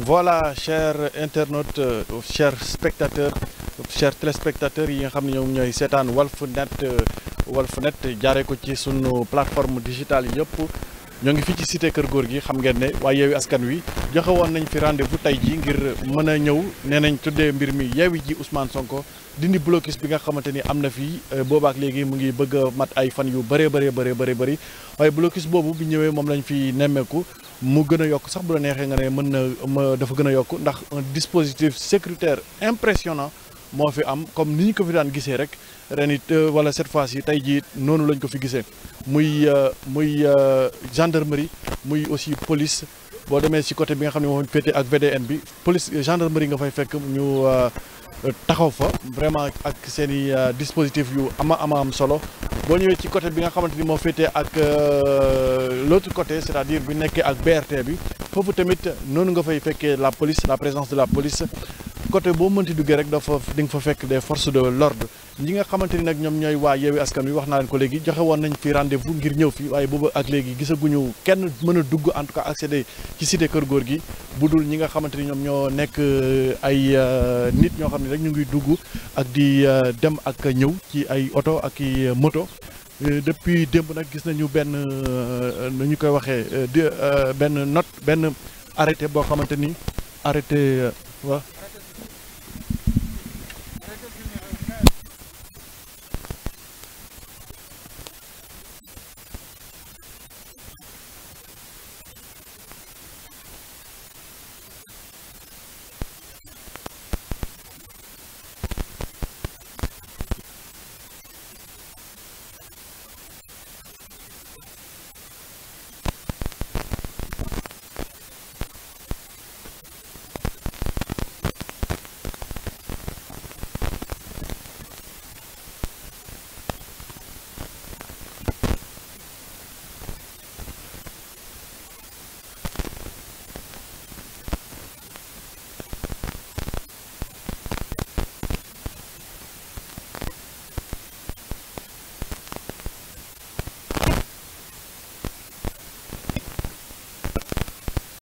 voilà chers internautes euh, chers spectateurs chers téléspectateurs yi nga xam ne ñoom ñooy seetaan Walfnet euh, Walfnet jaare ko ci sunu plateforme digital yëpp ñoo ngi fii ci cité kër góor gi xam ngeen ne waaye yeewi askan wi joxe woon nañ fi rendez-vous tey jii ngir mën a ñëw nee nañ tuddee mbir mi yeewi ji Ousmane Sonko dindi blocus bi nga xamante ni am na fi euh, boobaak léegi mu ngi bëgg mat ay fan yu bëree bëree bëree bëri bëri waaye blocus boobu bi ñëwee moom lañ fi nemmeeku mu gën a yokk sax bu neexee nga ne mën na dafa gën a yokk ndax un dispositif sécuritaire impressionnant moo fi am comme ni ñu ko fi daan gisee rek ren it euh, wala cette fois ci tey jii noonu lañ ko fi gisee muy euh, muy euh, gendarmerie muy aussi police boo demee ci côté bi nga xam ne moom féete ak VDN bi police gendarmerie nga fay fekk ñu. taxaw fa vraiment ak seen i euh, dispositif yu ama ama am solo boo ñëwee ci côté bi nga xamante ni moo féetee ak euh, l' autre côté c' à dire bi nekkee ak BRT bi foofu tamit noonu nga fay fekkee la police la présence de la police côté boo mënti duggee rek dafa di nga fa fekk de force de l'ordre ñi nga xamante ni nag ñoom ñooy waa yeewi askan wi wax naa leen ko léegi joxe woon nañ fi rendez-vous ngir ñëw fi waaye boobu ak léegi gisaguñu kenn mën a dugg en tout cas accéder ci cité kër góor gi bu dul ñi nga xamante ni ñoom ñoo nekk euh, ay euh, nit ñoo xam ne rek ñu ngi dugg ak di euh, dem ak ñëw ci ay oto ak i moto depuis démb nag gis nañu benn nu ñu koy waxee di benn not benn arrêté boo xamante ni arrêté wa